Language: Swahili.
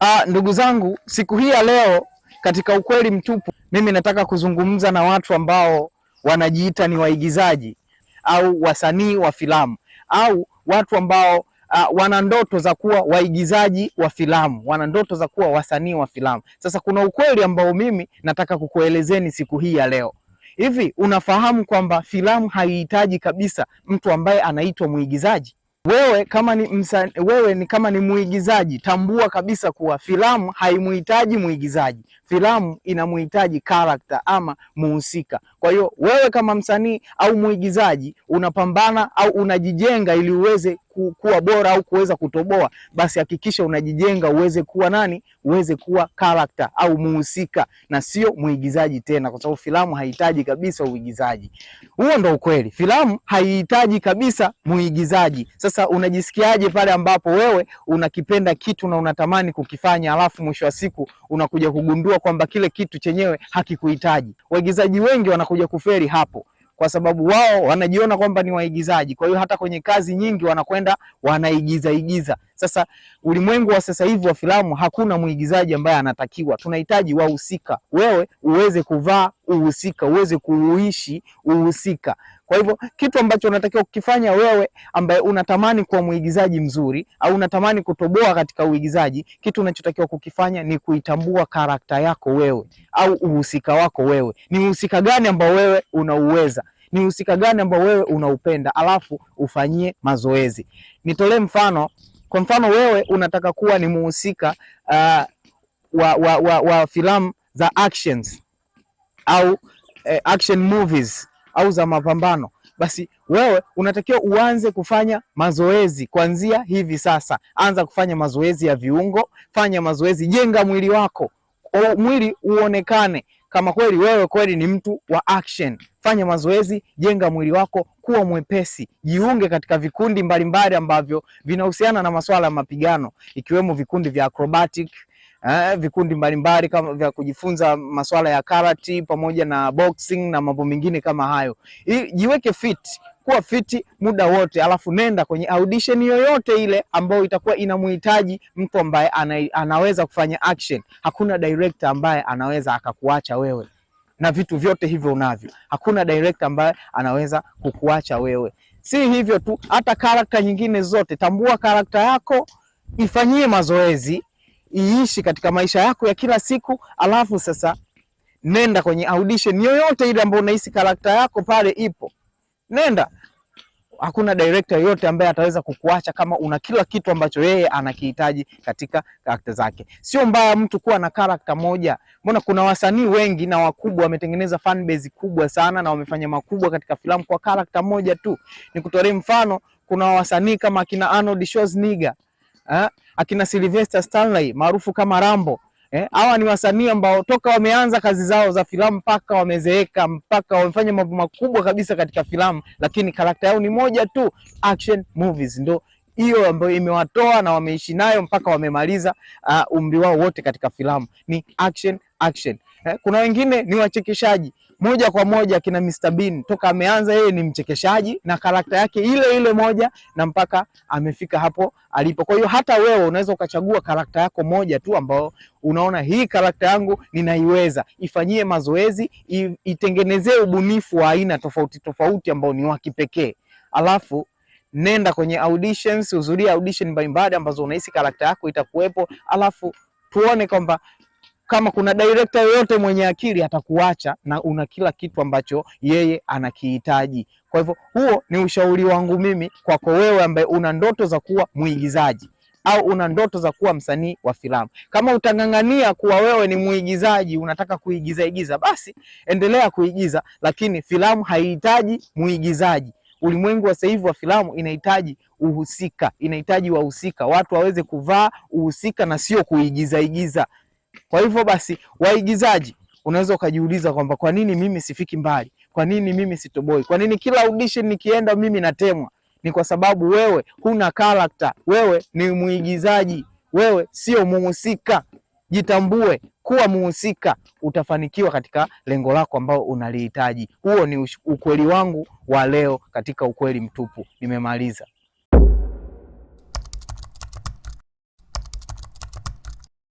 Ah, ndugu zangu, siku hii ya leo katika ukweli mtupu, mimi nataka kuzungumza na watu ambao wanajiita ni waigizaji au wasanii wa filamu au watu ambao uh, wana ndoto za kuwa waigizaji wa filamu, wana ndoto za kuwa wasanii wa filamu. Sasa kuna ukweli ambao mimi nataka kukuelezeni siku hii ya leo. Hivi unafahamu kwamba filamu haihitaji kabisa mtu ambaye anaitwa mwigizaji? Wewe kama ni msa, wewe ni kama ni mwigizaji, tambua kabisa kuwa filamu haimuhitaji mwigizaji, filamu inamuhitaji karakta ama muhusika. Kwa hiyo wewe kama msanii au mwigizaji unapambana au unajijenga ili uweze kuwa bora au kuweza kutoboa, basi hakikisha unajijenga uweze kuwa nani, uweze kuwa karakta au muhusika na sio mwigizaji tena, kwa sababu filamu haihitaji kabisa uigizaji. Huo ndo ukweli, filamu haihitaji kabisa muigizaji. Sasa unajisikiaje pale ambapo wewe unakipenda kitu na unatamani kukifanya, alafu mwisho wa siku unakuja kugundua kwamba kile kitu chenyewe hakikuhitaji? Waigizaji wengi wana wanakuja kuferi hapo, kwa sababu wao wanajiona kwamba ni waigizaji. Kwa hiyo hata kwenye kazi nyingi wanakwenda wanaigiza igiza sasa ulimwengu wa sasa hivi wa filamu, hakuna mwigizaji ambaye anatakiwa, tunahitaji wahusika. Wewe uweze kuvaa uhusika, uweze kuuishi uhusika. Kwa hivyo kitu ambacho unatakiwa kukifanya wewe, ambaye unatamani kuwa mwigizaji mzuri au unatamani kutoboa katika uigizaji, kitu unachotakiwa kukifanya ni kuitambua karakta yako wewe au uhusika wako wewe. Ni uhusika gani ambao wewe unauweza ni uhusika gani ambao wewe unaupenda, alafu ufanyie mazoezi. Nitolee mfano kwa mfano wewe unataka kuwa ni muhusika uh, wa, wa, wa, wa filamu za actions au eh, action movies au za mapambano, basi wewe unatakiwa uanze kufanya mazoezi kuanzia hivi sasa. Anza kufanya mazoezi ya viungo, fanya mazoezi, jenga mwili wako o, mwili uonekane. Kama kweli wewe kweli ni mtu wa action, fanya mazoezi, jenga mwili wako, kuwa mwepesi, jiunge katika vikundi mbalimbali ambavyo vinahusiana na masuala ya mapigano, ikiwemo vikundi vya acrobatic eh, vikundi mbalimbali kama vya kujifunza masuala ya karate pamoja na boxing na mambo mengine kama hayo. Jiweke fit kuwa fiti muda wote, alafu nenda kwenye audition yoyote ile ambayo itakuwa inamhitaji mtu ambaye ana, anaweza kufanya action. Hakuna director ambaye anaweza akakuacha wewe na vitu vyote hivyo unavyo. Hakuna director ambaye anaweza kukuacha wewe. Si hivyo tu, hata karakta nyingine zote. Tambua karakta yako, ifanyie mazoezi, iishi katika maisha yako ya kila siku, alafu sasa nenda kwenye audition yoyote ile ambayo unahisi karakta yako pale ipo, nenda hakuna director yoyote ambaye ataweza kukuacha kama una kila kitu ambacho yeye anakihitaji katika karakta zake. Sio mbaya mtu kuwa na karakta moja. Mbona kuna wasanii wengi na wakubwa wametengeneza fan base kubwa sana na wamefanya makubwa katika filamu kwa karakta moja tu. Nikutolee mfano, kuna wasanii kama akina Arnold Schwarzenegger, eh, akina Sylvester Stallone maarufu kama Rambo Eh, hawa eh, ni wasanii ambao toka wameanza kazi zao za filamu mpaka wamezeeka mpaka wamefanya mambo makubwa kabisa katika filamu, lakini karakta yao ni moja tu, action movies ndo hiyo ambayo imewatoa na wameishi nayo mpaka wamemaliza uh, umri wao wote katika filamu ni action action. Eh, kuna wengine ni wachekeshaji moja kwa moja kina Mr Bean toka ameanza yeye ni mchekeshaji na karakta yake ile ile moja na mpaka amefika hapo alipo. Kwa hiyo hata wewe unaweza ukachagua karakta yako moja tu ambayo unaona hii karakta yangu ninaiweza, ifanyie mazoezi, itengenezee ubunifu wa aina tofauti tofauti ambao ni wa kipekee, alafu nenda kwenye auditions, uzuria audition mbalimbali ambazo unahisi karakta yako itakuwepo, alafu tuone kwamba kama kuna director yoyote mwenye akili atakuacha na una kila kitu ambacho yeye anakihitaji. Kwa hivyo huo ni ushauri wangu mimi kwako wewe ambaye una ndoto za kuwa mwigizaji au una ndoto za kuwa msanii wa filamu. Kama utang'ang'ania kuwa wewe ni muigizaji, unataka kuigiza igiza, basi endelea kuigiza, lakini filamu haihitaji muigizaji. Ulimwengu wa sasa hivi wa filamu inahitaji uhusika, inahitaji wahusika, watu waweze kuvaa uhusika na sio kuigiza igiza. Kwa hivyo basi, waigizaji, unaweza ukajiuliza kwamba kwa nini mimi sifiki mbali, kwa nini mimi sitoboi, kwa nini kila audition nikienda mimi natemwa? Ni kwa sababu wewe huna character, wewe ni mwigizaji, wewe sio muhusika. Jitambue kuwa muhusika, utafanikiwa katika lengo lako ambao unalihitaji. Huo ni ukweli wangu wa leo katika Ukweli Mtupu. Nimemaliza.